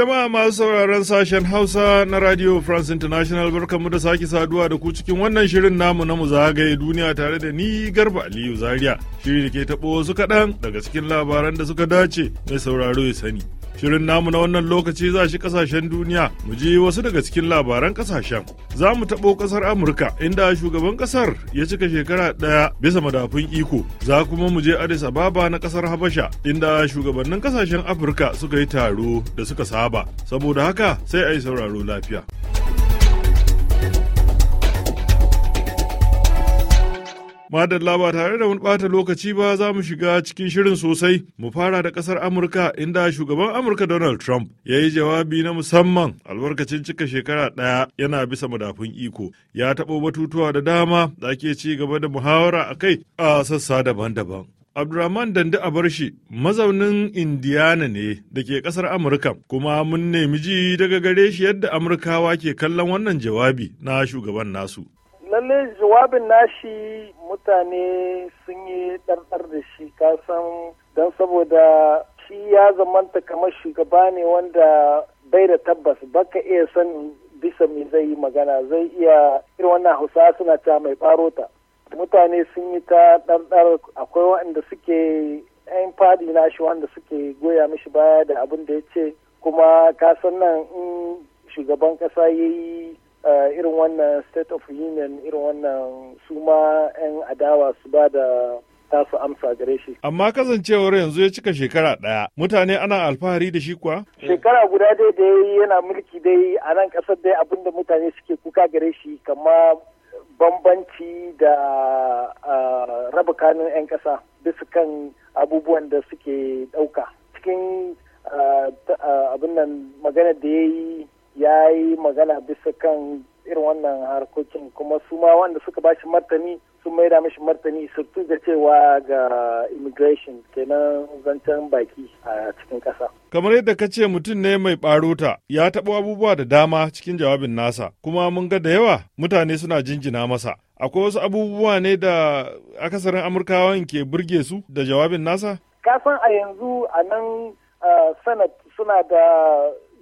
Jama'a masu sauraron sashen Hausa na Radio France International barkanmu da sake saduwa da ku cikin wannan shirin namu na mu zagaye duniya tare da ni Garba Aliyu Zaria. Shiri da ke taɓo wasu kaɗan daga cikin labaran da suka dace mai sauraro ya sani. Shirin namu na wannan lokaci za shi kasashen duniya mu ji wasu daga cikin labaran kasashen. Za mu taɓo ƙasar Amurka inda shugaban ƙasar ya cika shekara ɗaya bisa madafun iko. Za kuma mu je Addis Ababa na ƙasar Habasha inda shugabannin ƙasashen Afirka suka yi taro da suka saba. Saboda haka sai a yi sauraro lafiya. Madalla ba tare da wani ɓata lokaci ba za mu shiga cikin shirin sosai mu fara da ƙasar Amurka inda shugaban Amurka Donald Trump ya yi jawabi na musamman albarkacin cika shekara ɗaya yana bisa madafun iko. Ya taɓo batutuwa da dama da ake ci gaba da muhawara a kai a sassa daban-daban. Abdurrahman Dande Abarshi mazaunin Indiana ne da ke ƙasar Amurka kuma mun nemi ji daga gare shi yadda Amurkawa ke kallon wannan jawabi na shugaban nasu. lalle jawabin nashi mutane sun yi ɗarɗar da shi kasan don saboda shi ya zamanta kamar shugaba ne wanda bai da tabbas baka iya sanin bisa me zai yi magana zai iya irin wannan hausa suna ta mai barota mutane sun yi ta ɗarɗar akwai waɗanda suke 'yan fadi nashi wanda suke goya mishi baya da abin da ya ce kuma kasan nan in shugaban ƙasa ya yi Eh, irin wannan state of union irin wannan suma 'yan adawa su ba da tasu amsa gare shi. Amma kasancewar yanzu ya cika shekara ɗaya, mutane ana alfahari da shi kuwa? Shekara guda dai da yana mulki dai a nan ƙasar dai abinda mutane suke kuka gare shi kama bambanci da eh, raba kanun 'yan ƙasa bisa kan abubuwan da suke ɗauka. Cikin eh, abin nan maganar da ya yi ya yi magana bisa kan irin wannan harkokin kuma su ma wanda suka bashi martani sun maida mishi martani surtu da cewa ga immigration kenan zancen baki a cikin kasa. kamar yadda ka ce mutum ne mai barota ya taɓa abubuwa da dama cikin jawabin nasa kuma mun ga da yawa mutane suna jinjina masa akwai wasu abubuwa ne da akasarin amurkawan ke burge su da jawabin nasa kasan a yanzu a nan eh, senate suna da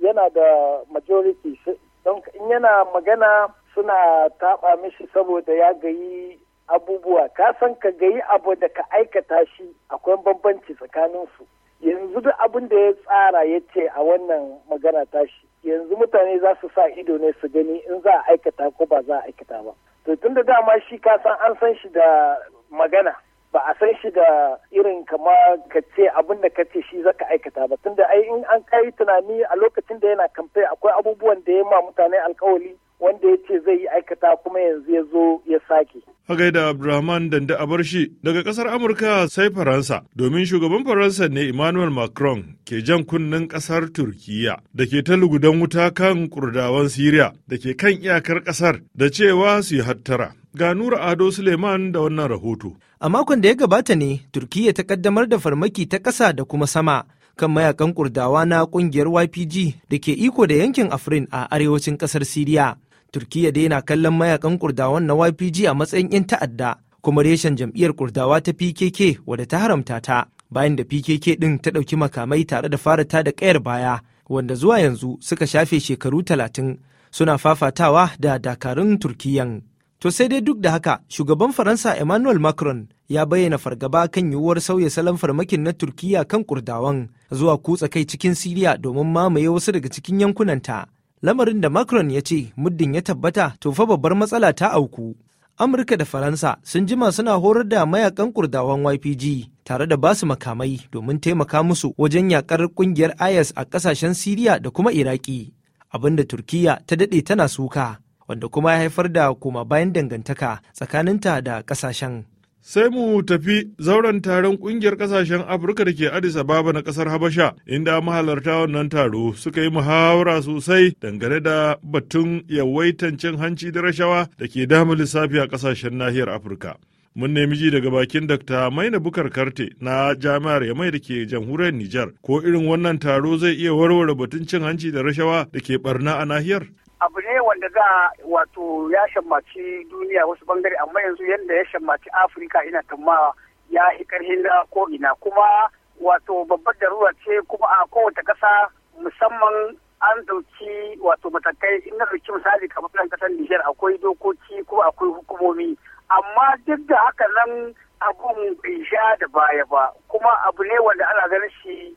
yana da majority don in yana magana suna taɓa mishi saboda ya gayi abubuwa ka san ka gayi abu da ka aikata shi akwai bambanci tsakaninsu yanzu duk abin da ya tsara ya ce a wannan magana tashi yanzu mutane za su sa ido ne su gani in za a aikata ko ba za a aikata ba to tun da dama shi ka san an san shi da magana ba a san shi da irin kama ka ce abin da ka ce shi zaka aikata ba tunda ai in an kai tunani a lokacin da yana kamfe akwai abubuwan da ya ma mutane alkawali wanda ya ce zai yi aikata kuma yanzu ya zo ya sake a dande a bar shi daga kasar Amurka sai Faransa domin shugaban Faransa ne Emmanuel Macron ke jan kunnen kasar Turkiyya da ke ta lugudan wuta kan kurdawan syria da ke kan iyakar kasar da cewa su yi hattara. Ga Nura Ado Suleiman da wannan rahoto. A makon da ya gabata ne Turkiyya ta kaddamar da farmaki ta ƙasa da kuma sama kan mayakan kurdawa na kungiyar YPG da ke iko da yankin Afrin a arewacin kasar Siriya. turkiyya dai na kallon mayakan kurdawan na ypg a matsayin 'yan ta'adda kuma reshen jam'iyyar kurdawa ta pkk wadda ta haramta ta bayan da pkk ɗin ta ɗauki makamai tare da fara ta da ƙayar baya wanda zuwa yanzu suka shafe shekaru talatin suna fafatawa da dakarun turkiyyan. to sai dai duk da haka shugaban faransa emmanuel macron ya bayyana fargaba kan yiwuwar sauya salon farmakin na turkiyya kan kurdawan zuwa kutsa kai cikin siriya domin mamaye wasu daga cikin yankunanta lamarin da Macron ya ce muddin ya tabbata to fa babbar matsala ta auku. Amurka da Faransa sun jima suna horar da mayakan kurdawan YPG tare da basu makamai domin taimaka musu wajen yakar kungiyar IS a kasashen Siriya da kuma Iraki. da Turkiyya ta daɗe tana suka, wanda kuma ya haifar da koma bayan dangantaka tsakaninta da kasashen. Sai mu tafi zauren taron kungiyar kasashen Afirka da ke Addis Ababa na kasar Habasha, inda mahalarta wannan taro suka yi muhawara sosai dangane da batun yawaitan cin hanci da rashawa da ke damu lissafi a kasashen nahiyar Afirka. Mun nemi ji daga bakin Dr. Maina Bukar Karte na Jami'ar Yamai da ke jamhuriyar Nijar, ko irin wannan taro zai iya warware batun cin hanci da rashawa da ke barna a nahiyar? abu ne wanda za wato ya shammaci duniya wasu bangare amma yanzu yadda ya shammaci afirka ina tamma ya yi karhin da ko ina kuma wato babbar darura ce kuma a kowace ƙasa musamman an ɗauki wato matakai in na misali kamar nan kasar Nijar akwai dokoki kuma akwai hukumomi amma duk da haka nan abun bai sha da baya ba kuma abu ne wanda ana ganin shi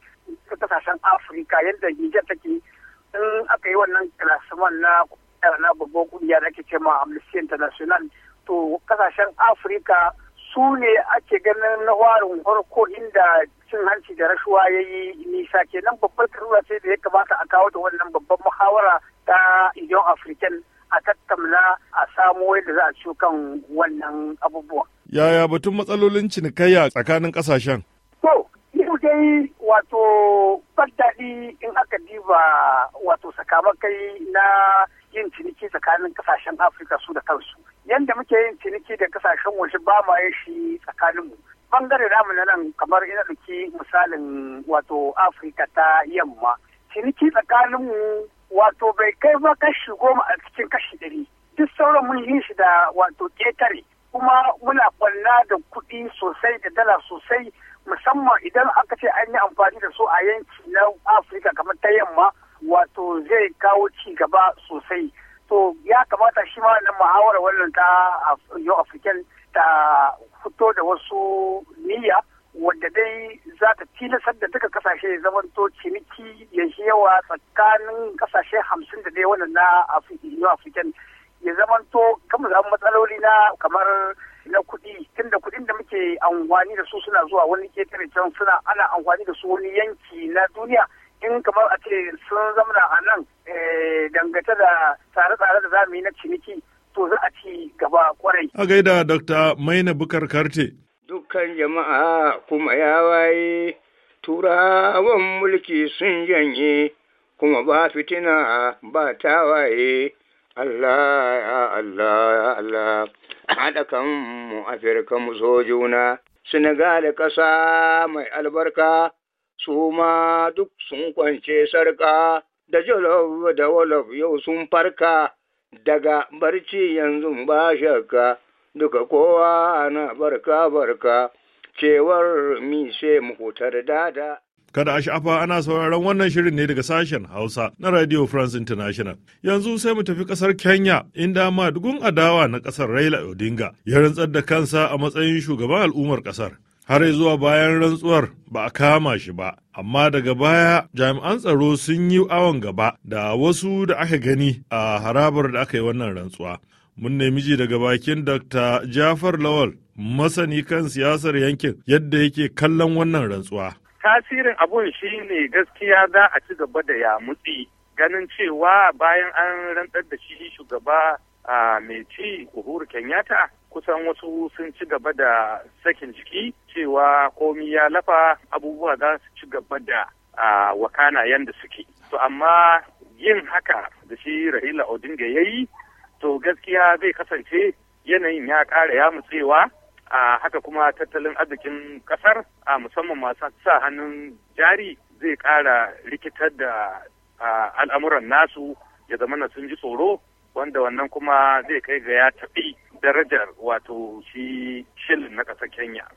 ta kasashen Afirka yadda Nijar take in aka yi wannan kilasiman na eh, na babban kungiya da ake cema amnesty international to kasashen afirka su ne ake ganin na warin farko inda cin hanci da rashuwa ya yi nisa nan babbar karuwa ce da ya kamata a kawo da wannan babban muhawara ta idon afirkan a tattauna a samo yadda za a ciwo kan wannan abubuwan. Yaya batun matsalolin cinikayya tsakanin kasashen? To, yau dai wato daɗi in aka diba wato sakamakai na yin ciniki tsakanin kasashen afirka su da kansu yadda muke yin ciniki da kasashen waje ba ma yin shi tsakaninmu bangare namu na nan kamar ina ɗauki misalin wato afirka ta yamma ciniki tsakaninmu wato bai kai ba kashi goma a cikin kashi ɗari duk sauran mun yi shi da wato ƙetare kuma muna kwalla da kuɗi sosai da dala sosai musamman idan aka ce an yi amfani da su a yanki na afirka kamar ta yamma wato zai kawo ci gaba sosai to ya kamata shi ma na muhawara wannan ta yau african ta fito da wasu niyya wadda dai za ta tilasar da duka kasashe to ciniki ya shi yawa tsakanin kasashe hamsin da dai wannan na yau african ya zamanto kama kamar matsaloli na kamar tun da da muke amfani da su suna zuwa wani ketare can suna ana amfani da su wani yanki na duniya in kamar a ce sun zamana a nan eh, dangata da tsare-tsare da zamu yi na ciniki to za a ci gaba kwarai. A gaida Dr. Maina Bukar Karte. Dukkan jama'a kuma ya waye turawan mulki sun janye kuma ba fitina ba ta waye. Allah ya Allah ya Allah. haɗa kanmu afirka mu so juna senegal ƙasa mai albarka su ma duk sun kwance sarka da jolof da wolof yau sun farka daga barci yanzu ba shakka duka kowa na barka barka cewar mi sai mu hutar dada Kada a sha'afa ana sauraron wannan shirin ne daga sashen Hausa na Radio France International. Yanzu sai mu tafi kasar Kenya inda dugun adawa na kasar Raila Odinga ya rantsar da kansa a matsayin shugaban al'ummar kasar. Har zuwa bayan rantsuwar ba a kama shi ba, amma daga baya jami'an tsaro sun yi awon gaba da wasu da aka gani a harabar da aka yi wannan rantsuwa. Mun nemi ji daga bakin Dr. Jafar Lawal masani kan siyasar yankin yadda yake kallon wannan rantsuwa. tasirin abun shi ne gaskiya za a ci gaba da yamutsi ganin cewa bayan an rantsar da shi shugaba mai ci Uhuru Kenyatta kusan wasu sun ci gaba da sakin jiki cewa komi ya lafa abubuwa za su ci gaba da wakana yadda suke. To amma yin haka da shi Rahila Odinga ya yi to gaskiya zai kasance yanayin ya ƙara ya mutsewa A haka kuma tattalin arzikin kasar a musamman masu sa hannun jari zai ƙara rikitar da al'amuran nasu ya zama na sun ji tsoro wanda wannan kuma zai kai ga ya taɓi darajar wato shi shilin na ƙasar kenya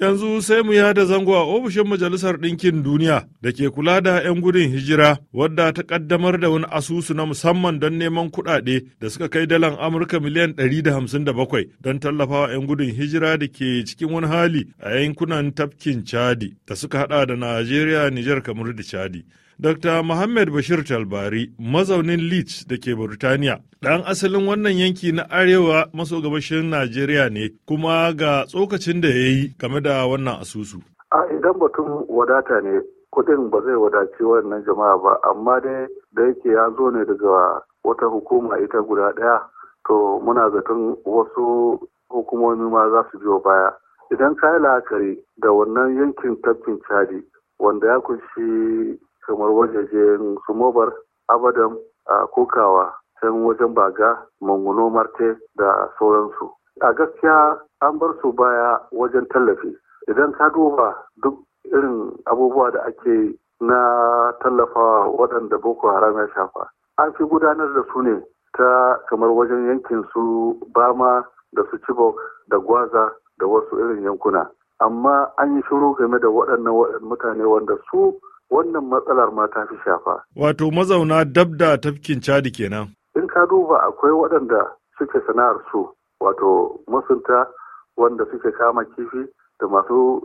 Yanzu sai mu yada zango a ofishin Majalisar Ɗinkin Duniya da ke kula da 'yan gudun hijira wadda ta kaddamar da wani asusu na musamman don neman kuɗaɗe da suka kai dalan Amurka miliyan 157 don tallafawa 'yan gudun hijira da ke cikin wani hali a yankunan tafkin Chadi da suka hada da Najeriya, Nijar, Kamar da Chadi. Dr. Muhammad Bashir Talbari, mazaunin Leeds da ke Burtaniya, ɗan asalin wannan yanki na arewa maso gabashin Najeriya ne kuma ga tsokacin da ya yi game da wannan asusu. A idan batun wadata ne, kuɗin ba zai wadaci wannan jama'a ba, amma dai da yake ya zo ne daga wata hukuma ita guda ɗaya, to muna zaton wasu hukumomi ma za su biyo baya. Idan ka yi da wannan yankin tafkin Chadi, wanda ya kunshi kamar wajajen sumobar abadan a kokawa can wajen baga manguno marte da sauransu a gaskiya an bar su baya wajen tallafi idan ka duba duk irin abubuwa da ake na tallafawa waɗanda boko haram ya shafa an fi gudanar da su ne ta kamar wajen yankin su bama da su chibok da gwaza da wasu irin yankuna amma an yi shiru game da waɗannan mutane wanda su wannan matsalar ma ta fi shafa. Wato mazauna dab da tafkin Chadi kenan. In ka duba akwai waɗanda suke sana'ar su wato masunta wanda suke kama kifi da masu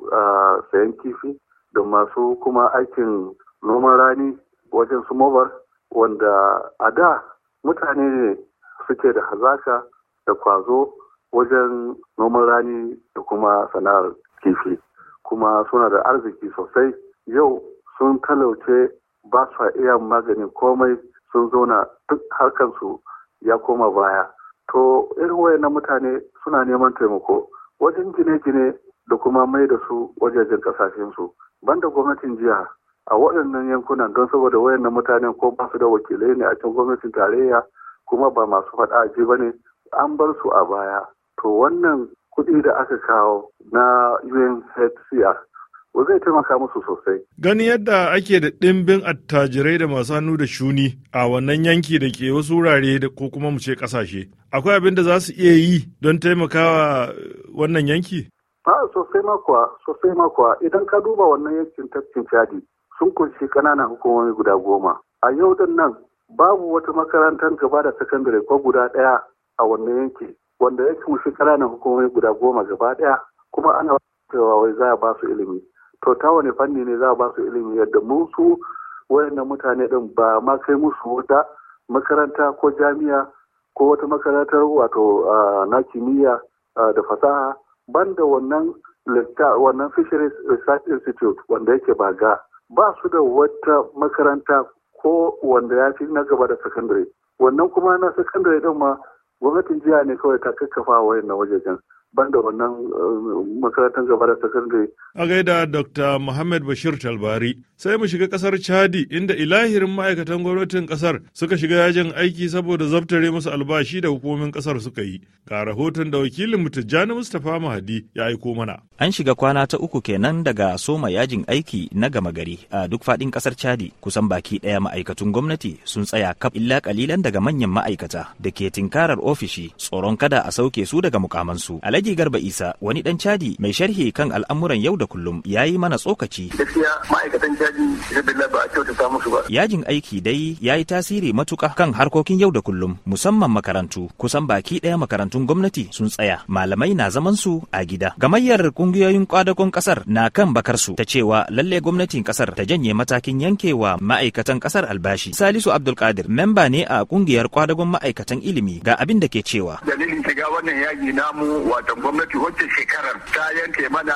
sayan kifi da masu kuma aikin noman rani wajen su mobar wanda a da mutane ne suke da hazaka da kwazo wajen noman rani da kuma sana'ar kifi kuma suna da arziki sosai yau sun talauce ba su iya magani komai sun zauna duk harkansu ya koma baya to irin wayannan mutane suna neman taimako wajen gine-gine da kuma mai da su wajajen kasashensu banda gwamnatin jiya a waɗannan yankunan don saboda wayannan mutanen ko ba su da wakilai ne a cikin gwamnatin tarayya kuma ba masu faɗa ji ba ne an bar su a baya to wannan kuɗi da aka kawo na UNHCR ba zai taimaka musu sosai. Gani yadda ake da ɗimbin attajirai da masu hannu da shuni a wannan yanki da ke wasu wurare ko kuma mu ce ƙasashe. Akwai abin da za su iya yi don taimakawa eh, wannan yanki? A'a sosai makuwa, sosai makuwa. idan ka duba wannan yankin tafkin cadi sun kunshi ƙananan hukumomi guda goma. A yau din nan babu wata makarantar gaba da sakandare ko guda ɗaya a wannan yanki wanda ya kunshi ƙananan hukumomi guda goma gaba ɗaya kuma ana cewa wai za a ba su ilimi. to ta wani fanni ne za a ba su ilimi yadda mu su wayannan mutane din ba ma kai musu wata makaranta ko jami'a ko wata makarantar wato na kimiyya da fasaha banda wannan wannan fisheries research institute wanda yake baga ba su da wata makaranta ko wanda ya fi na gaba da secondary. wannan kuma na secondary din ma gwamnatin jiya ne kawai ta kakkafa wayannan wajejen banda wannan eh, makarantar gaba da sakandare. A gaida Dr. Muhammad Bashir Talbari sai mu shiga kasar Chadi inda ilahirin ma'aikatan gwamnatin kasar suka shiga yajin aiki saboda zabtare musu albashi da hukumomin kasar suka yi. Ga rahoton da wakilin Tijjani Mustapha Mahadi ya aiko mana. An shiga kwana ta uku kenan daga soma yajin aiki na gama gari a duk faɗin kasar Chadi kusan baki ɗaya ma'aikatun gwamnati sun tsaya kaf illa kalilan daga manyan ma'aikata da ke tinkarar ofishi tsoron kada a sauke su daga mukamansu. Alhaji Garba Isa wani dan cadi mai sharhi kan al'amuran yau da kullum ya yi mana tsokaci. Gaskiya ma'aikatan caji ba a kyautata musu ba. Yajin aiki dai ya yi tasiri matuƙa kan harkokin yau da kullum musamman makarantu kusan baki ɗaya makarantun gwamnati sun tsaya malamai na zaman su a gida. Gamayyar kungiyoyin kwadagon ƙasar na kan bakar su ta cewa lalle gwamnatin ƙasar ta janye matakin yankewa ma'aikatan ƙasar albashi. Salisu Abdulkadir memba ne a ƙungiyar kwadagon ma'aikatan ilimi ga abin da ke cewa. Dalilin shiga watan gwamnati wacce shekarar ta yanke mana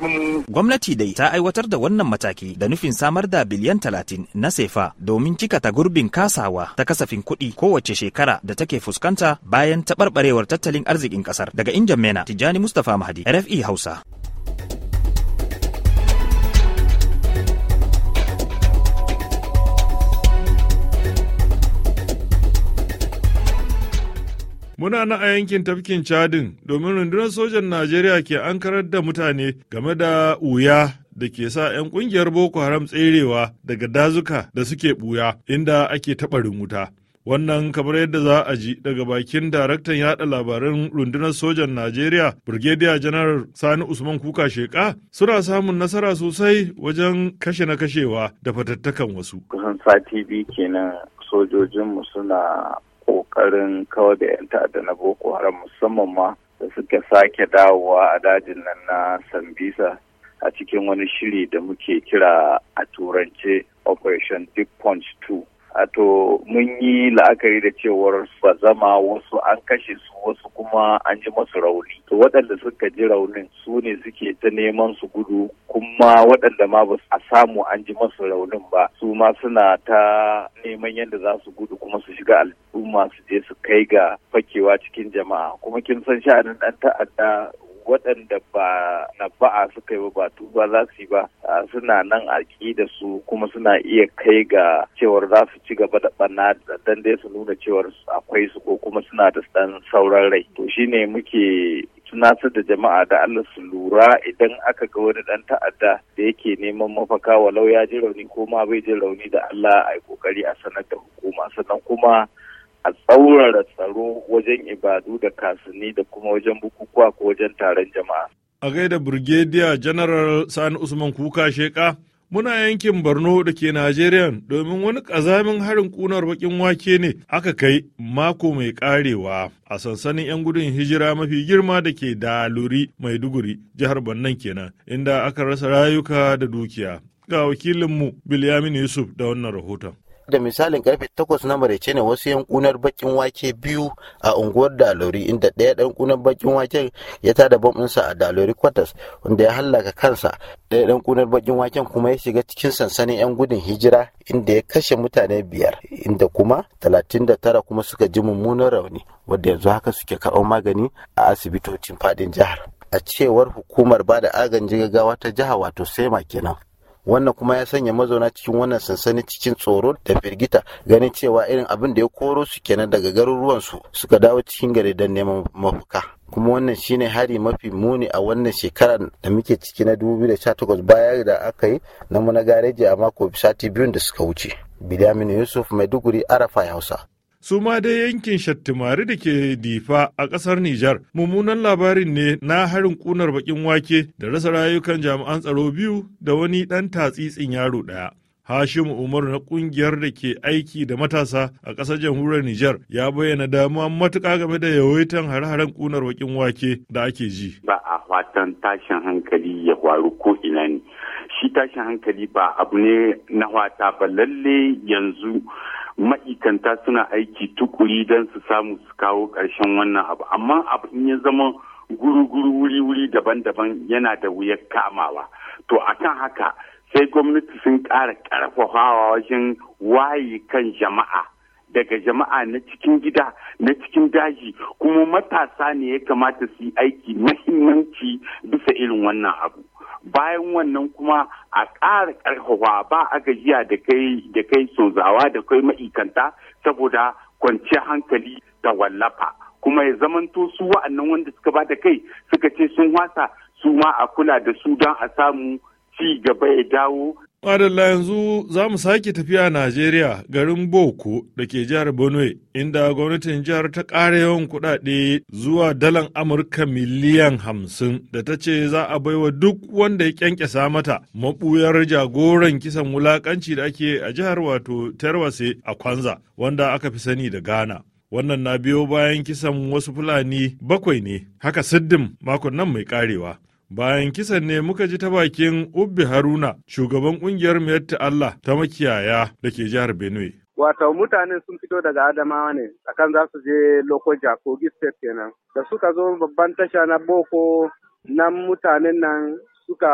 mu. Gwamnati dai ta aiwatar da wannan mataki da nufin samar da biliyan talatin na sefa domin cika ta gurbin kasawa ta kasafin kuɗi kowace shekara da take fuskanta bayan taɓarɓarewar tattalin arzikin ƙasar. Daga mena Tijjani Mustapha Mahadi, RFI Hausa. Muna na a yankin tafkin Chadin domin rundunar sojan Najeriya ke ankarar da mutane game da wuya da ke sa 'yan kungiyar Boko Haram tserewa daga dazuka da suke buya inda ake taɓa wuta. Wannan kamar yadda za a ji daga bakin daraktan yada labaran rundunar sojan Najeriya, Brigadier General Sani Usman Kuka Sheka, suna samun nasara sosai wajen kashe na kashewa da fatattakan wasu. Kusan sati biyu kenan sojojinmu suna kokarin kawar da 'yan ta'adda na boko haram musamman ma da suka sake dawowa a dajin nan na sambisa a cikin wani shiri da muke kira a turance operation deep punch 2 to mun yi la'akari da cewar ba zama wasu an kashe su wasu kuma an ji masu rauni to waɗanda suka ji raunin su ne suke ta neman su gudu kuma waɗanda ma ba a samu an ji masu raunin ba su ma suna ta neman yadda za su gudu kuma su shiga al'umma su je su kai ga fakewa cikin jama'a kuma kin san sha'anin ɗan ta'adda waɗanda ba na ba'a suka yi ba tuba za su yi ba suna nan a da su kuma suna iya kai ga cewar za su ci gaba da ɓanna dan dai su nuna cewar akwai su ko kuma suna da ɗan sauran rai to shine muke tunatar da jama'a da Allah su lura idan aka ga wani ɗan ta'adda da yake neman mafaka walau ya ji rauni ko ma bai ji rauni da Allah a yi kokari a sanar da hukuma sannan kuma a tsaurara tsaro wajen ibadu da kasani da kuma wajen bukukuwa ko wajen taron jama'a. A gaida Brigadier janaral Sani Usman Kuka Sheka, muna yankin Borno da ke Najeriya domin wani ƙazamin harin ƙunar baƙin wake ne aka kai mako mai ƙarewa a sansanin 'yan gudun hijira mafi girma da ke Daluri duguri jihar Bannan kenan, inda aka rasa rayuka da dukiya. Ga wakilinmu Bilyamin Yusuf da wannan rahoton. da misalin karfe 8 na maraice ne wasu yankunar bakin wake biyu a unguwar dalori inda ɗaya ɗan kunar bakin wake ya tada bom a dalori kwatas wanda ya hallaka kansa ɗaya ɗan kunar bakin waken kuma ya shiga cikin sansanin 'yan gudun hijira inda ya kashe mutane biyar inda kuma 39 kuma suka ji mummunan rauni wanda yanzu haka suke karɓar magani a asibitocin faɗin jihar a cewar hukumar bada agajin gaggawa ta jiha wato sai ma kenan wannan kuma ya sanya mazauna cikin wannan sansani cikin tsoro da firgita ganin cewa irin abin da ya koro su kenan daga garuruwansu suka dawo cikin gari don neman mafuka kuma wannan shine hari mafi muni a wannan shekarar da muke ciki na 2018 bayan da aka yi na muna gareji a mako sati biyun da suka wuce bidamin yusuf maiduguri arafa hausa su ma dai yankin Shattimari da ke Difa a ƙasar Nijar. Mummunan labarin ne na harin ƙunar bakin wake da rasa rayukan jami'an tsaro biyu da wani ɗan tatsitsin yaro ɗaya. Hashim Umar na kungiyar da ke aiki da matasa a ƙasar jamhuriyar Nijar ya bayyana damuwa matuka game da yawaitan hare-haren ƙunar bakin wake da ake ji. Ba a fatan tashin hankali ya faru ko ina ne. shi tashin hankali ba abu ne na wata ba lalle yanzu ma'ikanta suna aiki tukuri don su samu su kawo ƙarshen wannan abu amma abu in ya zama guru wuri-wuri daban-daban yana da wuyar kamawa to akan haka sai gwamnati sun ƙara ƙarfafawa wajen waye kan jama'a daga jama'a na cikin gida na cikin daji kuma matasa ne ya kamata su yi aiki mahimmanci bisa irin wannan abu bayan wannan kuma a ƙara ƙarfafa ba a gajiya da kai da da kai ma'ikanta saboda kwanciyar hankali da wallafa kuma ya zamanto su wa'annan wanda suka ba da kai suka ce sun wasa su ma a kula da su don a samu ci gaba ya dawo Madalla yanzu za mu sake tafiya Najeriya garin Boko da ke jihar Benue inda gwamnatin jihar ta ƙara yawan kuɗaɗe zuwa dalan Amurka miliyan hamsin da ta ce za a baiwa duk wanda ya kyankyasa mata maɓuyar jagoran kisan wulaƙanci da ake a jihar wato Terwase a Kwanza wanda aka fi sani da Ghana. Wannan na biyo bayan kisan wasu Fulani bakwai ne, haka siddim makon nan mai ƙarewa. Bayan kisan ne muka ji ta bakin Ubbi Haruna, shugaban ƙungiyar yadda Allah ta makiyaya da ke jihar Benue. Wato mutane sun fito daga Adamawa ne, akan za su je Lokoja, Kogi State kenan. Da suka zo babban tasha na Boko, na mutanen nan suka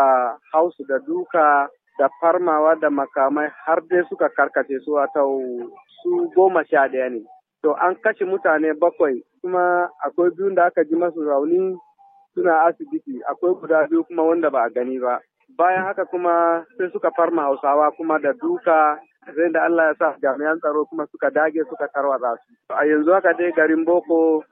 hausu da duka da farmawa da makamai har dai suka karkace su wato su goma sha ɗaya ne. To an kashe mutane bakwai kuma akwai biyun da aka ji masu rauni suna asibiti akwai guda biyu kuma wanda ba a gani ba bayan haka kuma sai suka farma hausawa kuma da duka sai da Allah ya sa jami'an tsaro kuma suka dage suka tarwatsa su a yanzu haka dai garin boko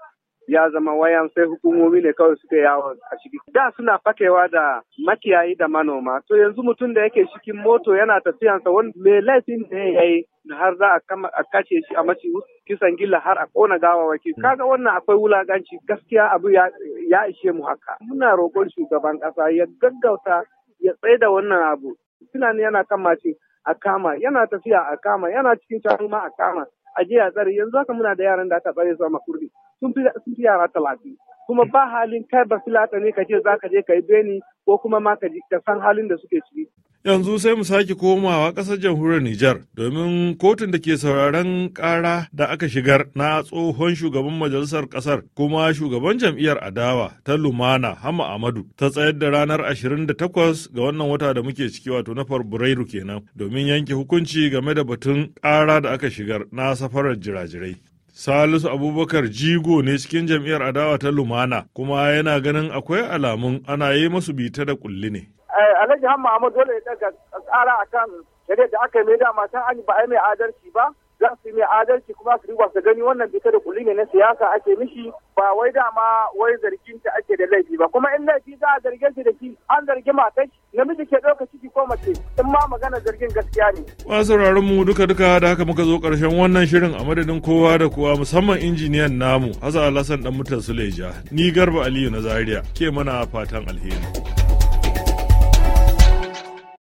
ya zama wayan sai hukumomi ne kawai suka yawo a ciki. Da suna fakewa da makiyayi da manoma. To yanzu mutum da yake cikin moto yana tafiyansa wani mai laifin ne ya yi har za a kashe shi a mashi kisan gilla har a kona gawa gawawaki. Hmm. Kaga wannan akwai wulaganci gaskiya abu ya ishe mu haka. Muna roƙon shugaban ƙasa ya gaggauta ya da wannan abu. Sinani yana kan mace a kama, yana tafiya a kama, yana cikin shanu ma a kama. a je a tsare yanzu haka muna da yaran da aka tsare su a makurdi sun fi yara talatin kuma ba halin kai ba filata ne ka ce za ka je ka yi beni ko kuma ma ka san halin da suke ciki Yanzu sai mu sake komawa ƙasar jamhuriyar Nijar domin kotun da ke sauraron ƙara da aka shigar na tsohon shugaban majalisar ƙasar kuma shugaban jam'iyyar adawa ta Lumana Hama Amadu ta tsayar da ranar 28 ga wannan wata da muke ciki wato na Fabrairu kenan domin yanke hukunci game da batun ƙara da aka shigar na safarar jirajirai. Salisu Abubakar jigo ne cikin jam'iyyar adawa ta Lumana kuma yana ganin akwai alamun ana yi masu bita da kulli ne. alhaji hamma amma dole ya daga tsara akan shari'a da aka yi mai dama ta an ba a yi mai adalci ba za su yi mai adalci kuma su riba su gani wannan bisa da kulli ne na siyasa ake mishi ba wai dama wai zargin ta ake da laifi ba kuma in laifi za a zargin shi da shi an zargi matar namiji ke ɗauka ciki ko mace in ma magana zargin gaskiya ne. Ma sauraron mu duka duka da haka muka zo karshen wannan shirin a madadin kowa da kowa musamman injiniyan namu Hassan Alhassan dan mutan Suleja ni Garba Aliyu na Zaria ke mana fatan alheri.